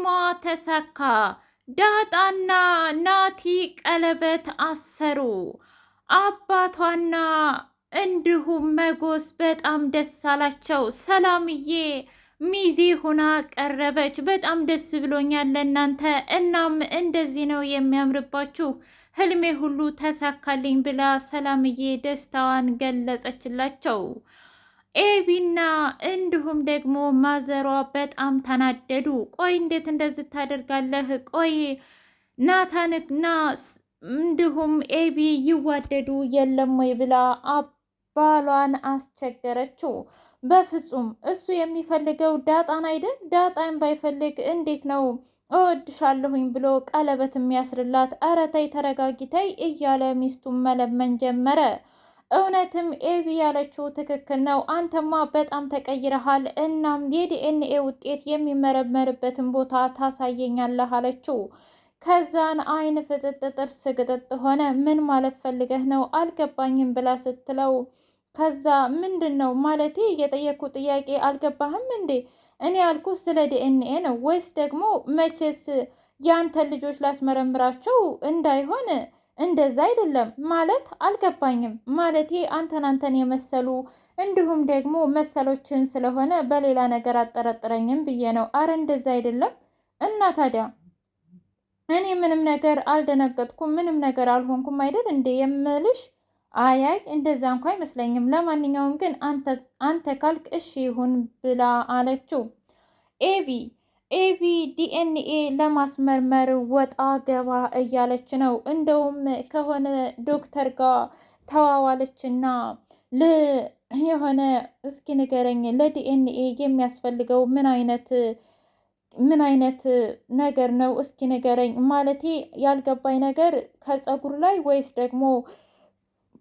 ህልሟ ተሳካ። ዳጣና ናቲ ቀለበት አሰሩ። አባቷና እንዲሁም መጎስ በጣም ደስ አላቸው። ሰላምዬ ሚዜ ሆና ቀረበች። በጣም ደስ ብሎኛል ለእናንተ። እናም እንደዚህ ነው የሚያምርባችሁ፣ ህልሜ ሁሉ ተሳካልኝ ብላ ሰላምዬ ደስታዋን ገለጸችላቸው። ኤቢና እንዲሁም ደግሞ ማዘሯ በጣም ተናደዱ። ቆይ እንዴት እንደዚህ ታደርጋለህ? ቆይ ናታንና እንዲሁም ኤቢ ይዋደዱ የለም ወይ ብላ አባሏን አስቸገረችው። በፍጹም እሱ የሚፈልገው ዳጣን አይደል? ዳጣን ባይፈልግ እንዴት ነው እወድሻለሁኝ ብሎ ቀለበት የሚያስርላት? ኧረ ተይ ተረጋጊ ተይ እያለ ሚስቱን መለመን ጀመረ። እውነትም ኤቢ ያለችው ትክክል ነው። አንተማ በጣም ተቀይረሃል። እናም የዲኤንኤ ውጤት የሚመረመርበትን ቦታ ታሳየኛለህ አለችው። ከዛን አይን ፍጥጥ ጥርስ ግጥጥ ሆነ። ምን ማለት ፈልገህ ነው አልገባኝም ብላ ስትለው ከዛ ምንድን ነው ማለቴ የጠየቅኩ ጥያቄ አልገባህም እንዴ? እኔ ያልኩ ስለ ዲኤንኤ ነው ወይስ ደግሞ መቼስ ያንተን ልጆች ላስመረምራቸው እንዳይሆን እንደዛ አይደለም ማለት አልገባኝም። ማለቴ አንተን አንተን የመሰሉ እንዲሁም ደግሞ መሰሎችን ስለሆነ በሌላ ነገር አጠረጥረኝም ብዬ ነው። አረ እንደዛ አይደለም። እና ታዲያ እኔ ምንም ነገር አልደነገጥኩም፣ ምንም ነገር አልሆንኩም አይደል እንዴ የምልሽ? አያይ እንደዛ እንኳ አይመስለኝም። ለማንኛውም ግን አንተ ካልክ እሺ ይሁን ብላ አለችው ኤቢ ኤቢ ዲኤንኤ ለማስመርመር ወጣ ገባ እያለች ነው። እንደውም ከሆነ ዶክተር ጋር ተዋዋለችና የሆነ እስኪ ንገረኝ ለዲኤንኤ የሚያስፈልገው ምን አይነት ምን አይነት ነገር ነው? እስኪ ንገረኝ ማለቴ ያልገባኝ ነገር ከፀጉር ላይ ወይስ ደግሞ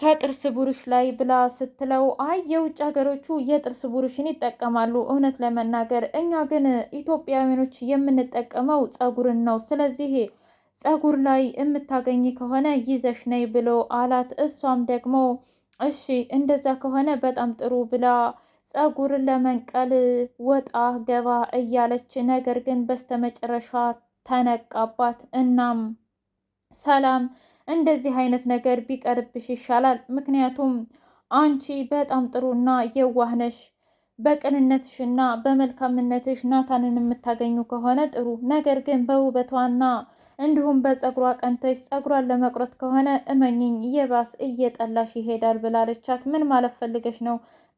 ከጥርስ ብሩሽ ላይ ብላ ስትለው አይ የውጭ ሀገሮቹ የጥርስ ብሩሽን ይጠቀማሉ። እውነት ለመናገር እኛ ግን ኢትዮጵያውያኖች የምንጠቀመው ፀጉርን ነው። ስለዚህ ፀጉር ላይ የምታገኝ ከሆነ ይዘሽ ነይ ብሎ አላት። እሷም ደግሞ እሺ እንደዛ ከሆነ በጣም ጥሩ ብላ ፀጉርን ለመንቀል ወጣ ገባ እያለች ነገር ግን በስተመጨረሻ ተነቃባት። እናም ሰላም እንደዚህ አይነት ነገር ቢቀርብሽ ይሻላል። ምክንያቱም አንቺ በጣም ጥሩና የዋህነሽ በቅንነትሽና በመልካምነትሽ ናታንን የምታገኙ ከሆነ ጥሩ። ነገር ግን በውበቷና እንዲሁም በፀጉሯ ቀንተሽ ፀጉሯን ለመቁረጥ ከሆነ እመኝኝ የባስ እየጠላሽ ይሄዳል ብላለቻት። ምን ማለት ፈልገሽ ነው?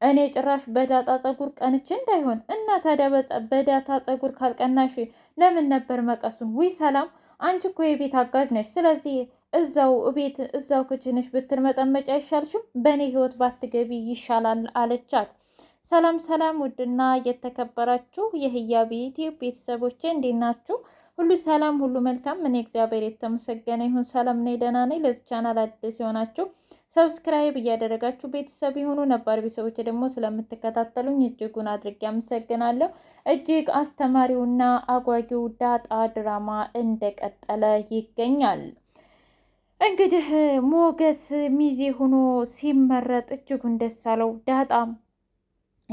እኔ ጭራሽ በዳጣ ፀጉር ቀንች እንዳይሆን እና ታዲያ በዳታ ፀጉር ካልቀናሽ ለምን ነበር መቀሱን? ውይ ሰላም፣ አንቺ እኮ የቤት አጋዥ ነች። ስለዚህ እዛው ቤት እዛው ክችንሽ ብትመጠመጭ አይሻልሽም? በእኔ ህይወት ባትገቢ ይሻላል አለቻት። ሰላም ሰላም! ውድና የተከበራችሁ የህያ ቤት ቤተሰቦቼ እንዴት ናችሁ? ሁሉ ሰላም፣ ሁሉ መልካም። እኔ እግዚአብሔር የተመሰገነ ይሁን ሰላም ነኝ፣ ደህና ነኝ። ለዚህ ቻናል አዲስ የሆናችሁ ሰብስክራይብ እያደረጋችሁ ቤተሰብ የሆኑ ነባር ቤተሰቦች ደግሞ ስለምትከታተሉኝ እጅጉን አድርጌ አመሰግናለሁ። እጅግ አስተማሪውና አጓጊው ዳጣ ድራማ እንደቀጠለ ይገኛል። እንግዲህ ሞገስ ሚዜ ሆኖ ሲመረጥ እጅጉን ደስ አለው። ዳጣም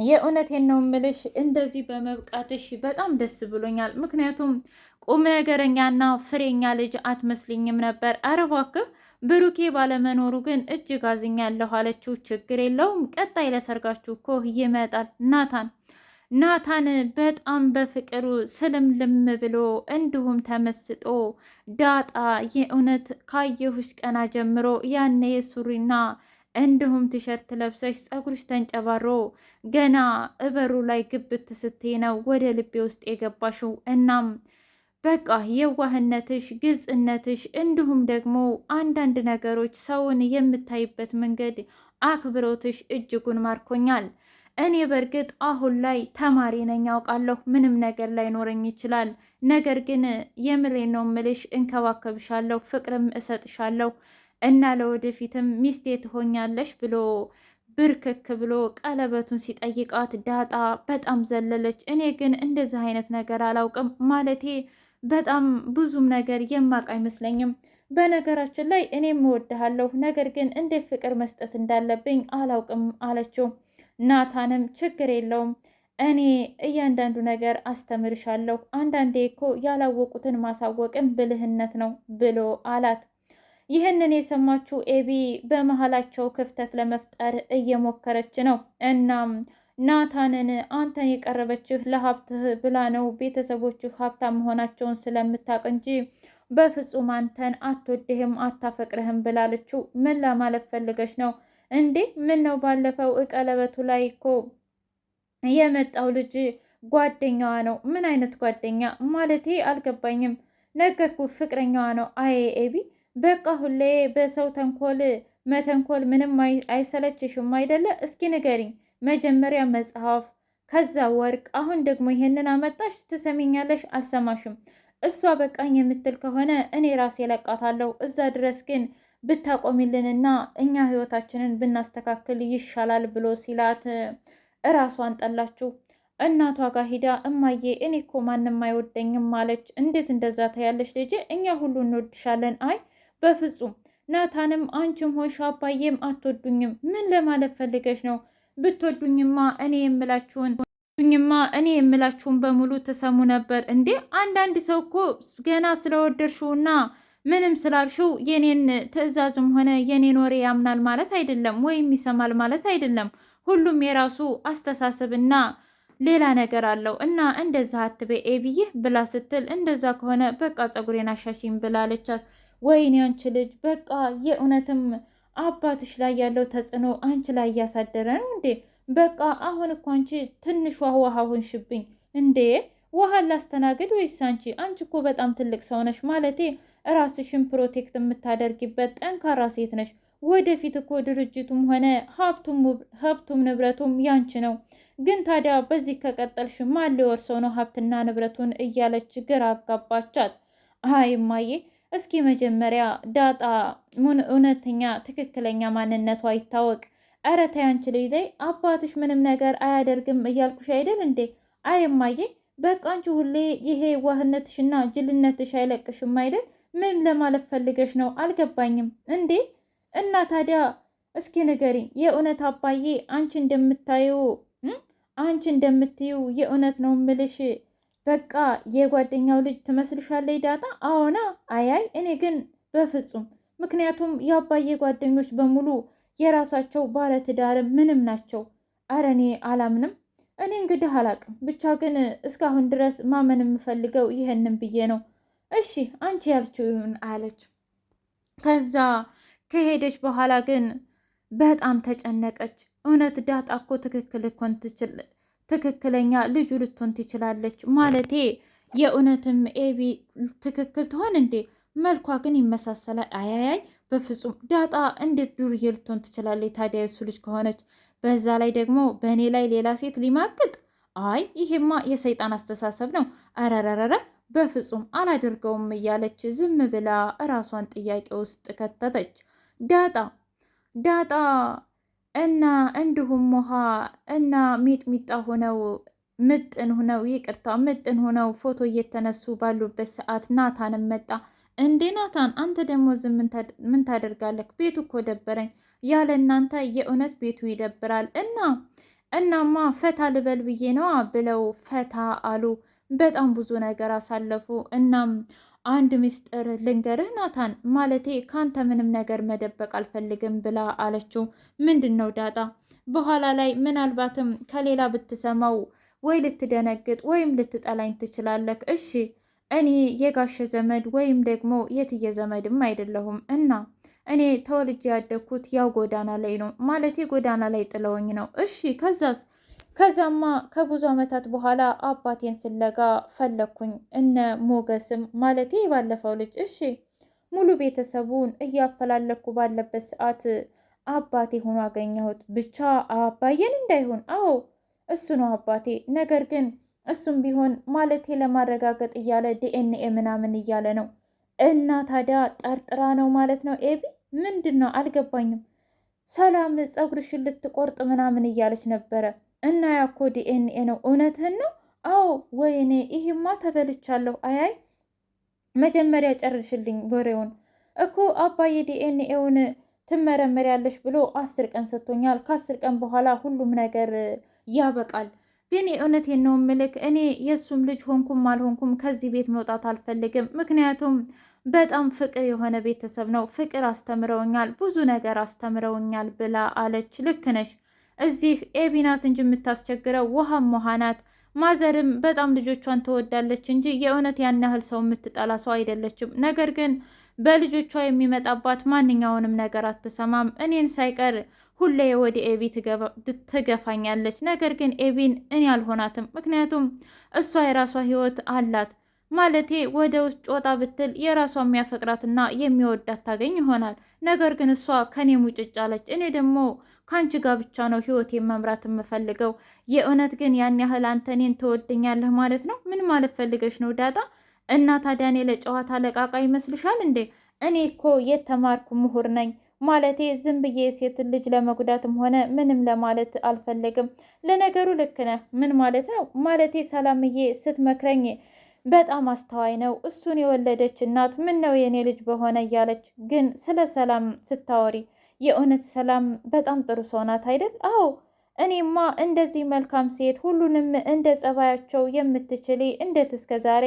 የእውነቴን ነው ምልሽ፣ እንደዚህ በመብቃትሽ በጣም ደስ ብሎኛል። ምክንያቱም ቁም ነገረኛና ፍሬኛ ልጅ አትመስልኝም ነበር። ኧረ እባክህ ብሩኬ ባለመኖሩ ግን እጅግ አዝኛለሁ አለችው። ችግር የለውም ቀጣይ ለሰርጋችሁ እኮ ይመጣል ናታን ናታን በጣም በፍቅሩ ስልምልም ብሎ እንዲሁም ተመስጦ ዳጣ የእውነት ካየሁሽ ቀና ጀምሮ ያኔ የሱሪና እንዲሁም ቲሸርት ለብሰሽ ፀጉርሽ ተንጨባሮ ገና እበሩ ላይ ግብት ስትይ ነው ወደ ልቤ ውስጥ የገባሽው። እናም በቃ የዋህነትሽ፣ ግልጽነትሽ እንዲሁም ደግሞ አንዳንድ ነገሮች ሰውን የምታይበት መንገድ አክብሮትሽ እጅጉን ማርኮኛል። እኔ በእርግጥ አሁን ላይ ተማሪ ነኝ ያውቃለሁ፣ ምንም ነገር ላይኖረኝ ይችላል። ነገር ግን የምሬ ነው ምልሽ፣ እንከባከብሻለሁ፣ ፍቅርም እሰጥሻለሁ እና ለወደፊትም ሚስቴ ትሆኛለሽ ብሎ ብርክክ ብሎ ቀለበቱን ሲጠይቃት ዳጣ በጣም ዘለለች። እኔ ግን እንደዚህ አይነት ነገር አላውቅም ማለቴ በጣም ብዙም ነገር የማቅ አይመስለኝም። በነገራችን ላይ እኔም እወድሃለሁ፣ ነገር ግን እንዴት ፍቅር መስጠት እንዳለብኝ አላውቅም አለችው። ናታንም ችግር የለውም እኔ እያንዳንዱ ነገር አስተምርሻለሁ፣ አንዳንዴ እኮ ያላወቁትን ማሳወቅን ብልህነት ነው ብሎ አላት። ይህንን የሰማችው ኤቢ በመሀላቸው ክፍተት ለመፍጠር እየሞከረች ነው። እናም ናታንን አንተን የቀረበችህ ለሀብትህ ብላ ነው ቤተሰቦችህ ሀብታም መሆናቸውን ስለምታቅ እንጂ በፍጹም አንተን አትወድህም አታፈቅርህም ብላለችው። ምን ለማለት ፈልገች ነው እንዴ ምን ነው ባለፈው ቀለበቱ ላይ እኮ የመጣው ልጅ ጓደኛዋ ነው። ምን አይነት ጓደኛ ማለቴ አልገባኝም። ነገርኩ ፍቅረኛዋ ነው። አይ ኤቢ በቃ ሁሌ በሰው ተንኮል መተንኮል ምንም አይሰለችሽም አይደለ? እስኪ ንገሪኝ። መጀመሪያ መጽሐፍ፣ ከዛ ወርቅ፣ አሁን ደግሞ ይሄንን አመጣሽ። ትሰሚኛለሽ? አልሰማሽም። እሷ በቃኝ የምትል ከሆነ እኔ ራሴ ለቃታለሁ። እዛ ድረስ ግን ብታቆሚልንና እኛ ህይወታችንን ብናስተካክል ይሻላል ብሎ ሲላት እራሷን ጠላችሁ። እናቷ ጋር ሂዳ እማዬ እኔ እኮ ማንም አይወደኝም አለች። እንዴት እንደዛ ታያለች ልጄ፣ እኛ ሁሉ እንወድሻለን። አይ በፍጹም ናታንም አንቺም ሆንሽ አባዬም አትወዱኝም። ምን ለማለት ፈልገች ነው? ብትወዱኝማ እኔ የምላችሁን ዱኝማ እኔ የምላችሁን በሙሉ ትሰሙ ነበር እንዴ። አንዳንድ ሰው እኮ ገና ስለወደድሽውና ምንም ስላልሽው የኔን ትዕዛዝም ሆነ የኔን ወሬ ያምናል ማለት አይደለም፣ ወይም ይሰማል ማለት አይደለም። ሁሉም የራሱ አስተሳሰብና ሌላ ነገር አለው እና እንደዛ አትበይ ኤቢዬ ብላ ስትል እንደዛ ከሆነ በቃ ጸጉሬን አሻሽኝ ብላለቻት። ወይኔ አንቺ ልጅ በቃ የእውነትም አባትሽ ላይ ያለው ተጽዕኖ አንቺ ላይ እያሳደረ ነው እንዴ? በቃ አሁን እኮ አንቺ ትንሿ ውሃ ሆንሽብኝ እንዴ? ውሃን ላስተናግድ ወይስ አንቺ አንቺ እኮ በጣም ትልቅ ሰው ነሽ ማለቴ ራስሽን ፕሮቴክት የምታደርጊበት ጠንካራ ሴት ነሽ። ወደፊት እኮ ድርጅቱም ሆነ ሀብቱም ንብረቱም ያንቺ ነው። ግን ታዲያ በዚህ ከቀጠልሽ ማን ሊወርሰው ነው ሀብትና ንብረቱን? እያለች ግራ አጋባቻት። አይ እማዬ፣ እስኪ መጀመሪያ ዳጣ እውነተኛ ትክክለኛ ማንነቷ ይታወቅ። ኧረ ተይ አንቺ ልጅ ላይ አባትሽ ምንም ነገር አያደርግም እያልኩሽ አይደል እንዴ? አይ እማዬ፣ በቃ አንቺ ሁሌ ይሄ ዋህነትሽና ጅልነትሽ አይለቅሽም አይደል? ምን ለማለት ፈልገሽ ነው? አልገባኝም። እንዴ እና ታዲያ እስኪ ንገሪ፣ የእውነት አባዬ አንቺ እንደምታዩ አንቺ እንደምትዩ የእውነት ነው ምልሽ በቃ የጓደኛው ልጅ ትመስልሻለች ዳጣ? አዎና። አያይ እኔ ግን በፍጹም ምክንያቱም የአባዬ ጓደኞች በሙሉ የራሳቸው ባለትዳር ምንም ናቸው። አረ እኔ አላምንም። እኔ እንግዲህ አላቅም፣ ብቻ ግን እስካሁን ድረስ ማመን የምፈልገው ይህንን ብዬ ነው። እሺ አንቺ ያልችው ይሁን አለች። ከዛ ከሄደች በኋላ ግን በጣም ተጨነቀች። እውነት ዳጣ እኮ ትክክለኛ ልጁ ልትሆን ትችላለች። ማለቴ የእውነትም ኤቢ ትክክል ትሆን እንዴ? መልኳ ግን ይመሳሰላል። አያያይ በፍጹም ዳጣ እንዴት ዱርዬ ልትሆን ትችላለች? ታዲያ የሱ ልጅ ከሆነች በዛ ላይ ደግሞ በእኔ ላይ ሌላ ሴት ሊማቅጥ። አይ ይሄማ የሰይጣን አስተሳሰብ ነው። አረረረረ በፍጹም አላደርገውም እያለች ዝም ብላ እራሷን ጥያቄ ውስጥ ከተተች። ዳጣ ዳጣ እና እንዲሁም ውሃ እና ሚጥሚጣ ሆነው ምጥን ሆነው ይቅርታ፣ ምጥን ሆነው ፎቶ እየተነሱ ባሉበት ሰዓት ናታንም መጣ። እንዴ ናታን፣ አንተ ደግሞ ምን ታደርጋለህ? ቤቱ እኮ ደበረኝ። ያለ እናንተ የእውነት ቤቱ ይደብራል። እና እናማ ፈታ ልበል ብዬ ነዋ ብለው ፈታ አሉ። በጣም ብዙ ነገር አሳለፉ። እናም አንድ ምስጢር ልንገርህ ናታን፣ ማለቴ ካንተ ምንም ነገር መደበቅ አልፈልግም ብላ አለችው። ምንድን ነው ዳጣ? በኋላ ላይ ምናልባትም ከሌላ ብትሰማው ወይ ልትደነግጥ ወይም ልትጠላኝ ትችላለህ። እሺ እኔ የጋሸ ዘመድ ወይም ደግሞ የትየ ዘመድም አይደለሁም እና እኔ ተወልጄ ያደግኩት ያው ጎዳና ላይ ነው። ማለቴ ጎዳና ላይ ጥለውኝ ነው። እሺ ከዛስ ከዛማ ከብዙ ዓመታት በኋላ አባቴን ፍለጋ ፈለግኩኝ። እነ ሞገስም ማለቴ ባለፈው ልጅ እሺ፣ ሙሉ ቤተሰቡን እያፈላለኩ ባለበት ሰዓት አባቴ ሆኖ አገኘሁት። ብቻ አባዬን እንዳይሆን አዎ፣ እሱ ነው አባቴ። ነገር ግን እሱም ቢሆን ማለቴ ለማረጋገጥ እያለ ዲኤንኤ ምናምን እያለ ነው። እና ታዲያ ጠርጥራ ነው ማለት ነው። ኤቢ ምንድን ነው አልገባኝም። ሰላም ፀጉርሽን ልትቆርጥ ምናምን እያለች ነበረ እና ያኮ ዲኤንኤ ነው። እውነትህን ነው? አዎ። ወይኔ ይህማ ተበልቻለሁ። አያይ መጀመሪያ ጨርሽልኝ ወሬውን እኮ አባዬ ዲኤንኤውን ትመረመሪያለሽ ብሎ አስር ቀን ሰጥቶኛል። ከአስር ቀን በኋላ ሁሉም ነገር ያበቃል። ግን የእውነቴን ነው ምልክ እኔ የእሱም ልጅ ሆንኩም አልሆንኩም ከዚህ ቤት መውጣት አልፈልግም። ምክንያቱም በጣም ፍቅር የሆነ ቤተሰብ ነው። ፍቅር አስተምረውኛል፣ ብዙ ነገር አስተምረውኛል ብላ አለች። ልክ ነሽ እዚህ ኤቢናት እንጂ የምታስቸግረው ውሃም ውሃ ናት። ማዘርም በጣም ልጆቿን ትወዳለች እንጂ የእውነት ያን ያህል ሰው የምትጠላ ሰው አይደለችም። ነገር ግን በልጆቿ የሚመጣባት ማንኛውንም ነገር አትሰማም። እኔን ሳይቀር ሁሌ ወደ ኤቢ ትገፋኛለች። ነገር ግን ኤቢን እኔ አልሆናትም፣ ምክንያቱም እሷ የራሷ ህይወት አላት። ማለቴ ወደ ውስጥ ጮጣ ብትል የራሷ የሚያፈቅራትና የሚወዳት ታገኝ ይሆናል። ነገር ግን እሷ ከኔ ሙጭጫለች። እኔ ደግሞ ከአንቺ ጋር ብቻ ነው ህይወቴን መምራት የምፈልገው። የእውነት ግን ያን ያህል አንተ እኔን ትወደኛለህ ማለት ነው? ምን ማለት ፈልገሽ ነው ዳጣ? እና ታዲያ እኔ ለጨዋታ ለቃቃ ይመስልሻል እንዴ? እኔ እኮ የተማርኩ ምሁር ነኝ። ማለቴ ዝም ብዬ የሴት ልጅ ለመጉዳትም ሆነ ምንም ለማለት አልፈለግም። ለነገሩ ልክ ነህ። ምን ማለት ነው? ማለቴ ሰላምዬ ስትመክረኝ በጣም አስተዋይ ነው። እሱን የወለደች እናት ምን ነው የእኔ ልጅ በሆነ እያለች ግን ስለ ሰላም ስታወሪ የእውነት ሰላም በጣም ጥሩ ሰው ናት አይደል? አዎ እኔማ እንደዚህ መልካም ሴት ሁሉንም እንደ ጸባያቸው የምትችል እንዴት እስከ ዛሬ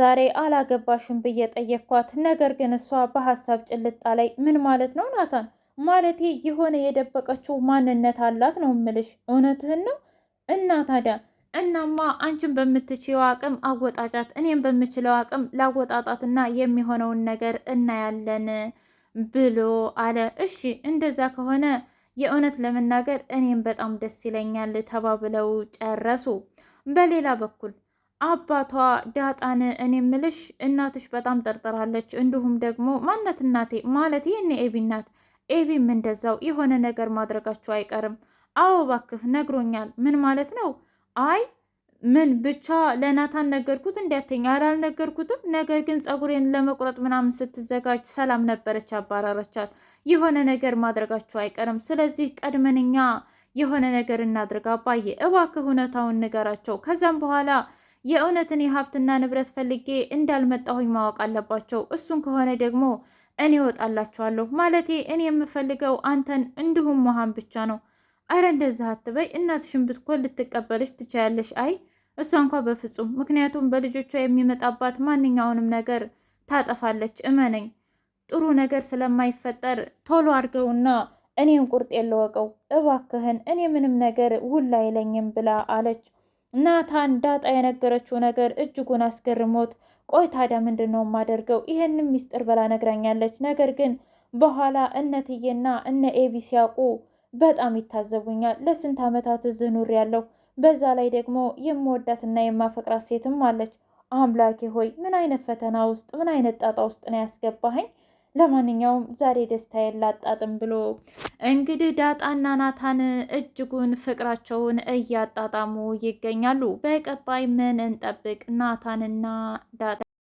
ዛሬ አላገባሽም ብዬ ጠየኳት። ነገር ግን እሷ በሀሳብ ጭልጣ ላይ ምን ማለት ነው ናታን? ማለቴ የሆነ የደበቀችው ማንነት አላት ነው ምልሽ እውነትህን ነው። እና ታዲያ እናማ አንቺን በምትችለው አቅም አወጣጫት፣ እኔም በምችለው አቅም ላወጣጣትና የሚሆነውን ነገር እናያለን። ብሎ አለ። እሺ እንደዛ ከሆነ የእውነት ለመናገር እኔም በጣም ደስ ይለኛል ተባብለው ጨረሱ። በሌላ በኩል አባቷ ዳጣን እኔ ምልሽ እናትሽ በጣም ጠርጥራለች፣ እንዲሁም ደግሞ ማነት እናቴ ማለት ይህን ኤቢ እናት ኤቢም እንደዛው የሆነ ነገር ማድረጋቸው አይቀርም። አዎ እባክህ ነግሮኛል። ምን ማለት ነው? አይ ምን ብቻ ለናታን ነገርኩት እንዲያተኛ አልነገርኩትም። ነገር ግን ፀጉሬን ለመቁረጥ ምናምን ስትዘጋጅ ሰላም ነበረች አባራረቻት። የሆነ ነገር ማድረጋቸው አይቀርም። ስለዚህ ቀድመን እኛ የሆነ ነገር እናድርግ። አባዬ እባክህ እውነታውን ንገራቸው። ከዛም በኋላ የእውነትን የሀብትና ንብረት ፈልጌ እንዳልመጣሁኝ ማወቅ አለባቸው። እሱን ከሆነ ደግሞ እኔ እወጣላችኋለሁ። ማለቴ እኔ የምፈልገው አንተን እንዲሁም ውሃን ብቻ ነው። አረ እንደዚህ አትበይ። እናትሽን ብትኮን ልትቀበልሽ ትችያለሽ። አይ እሷ እንኳ በፍጹም ምክንያቱም በልጆቿ የሚመጣባት ማንኛውንም ነገር ታጠፋለች። እመነኝ፣ ጥሩ ነገር ስለማይፈጠር ቶሎ አድርገውና እኔም ቁርጥ የለወቀው እባክህን፣ እኔ ምንም ነገር ውል አይለኝም ብላ አለች። ናታን ዳጣ የነገረችው ነገር እጅጉን አስገርሞት፣ ቆይ ታዲያ ምንድን ነው የማደርገው? ይሄንም ሚስጥር ብላ ነግራኛለች። ነገር ግን በኋላ እነትዬና እነ ኤቢ ሲያውቁ በጣም ይታዘቡኛል። ለስንት ዓመታት እዚህ ኑሬያለሁ በዛ ላይ ደግሞ የምወዳትና የማፈቅራት ሴትም አለች። አምላኬ ሆይ ምን አይነት ፈተና ውስጥ ምን አይነት ጣጣ ውስጥ ነው ያስገባኸኝ? ለማንኛውም ዛሬ ደስታዬን ላጣጥም ብሎ እንግዲህ ዳጣና ናታን እጅጉን ፍቅራቸውን እያጣጣሙ ይገኛሉ። በቀጣይ ምን እንጠብቅ? ናታንና ዳጣ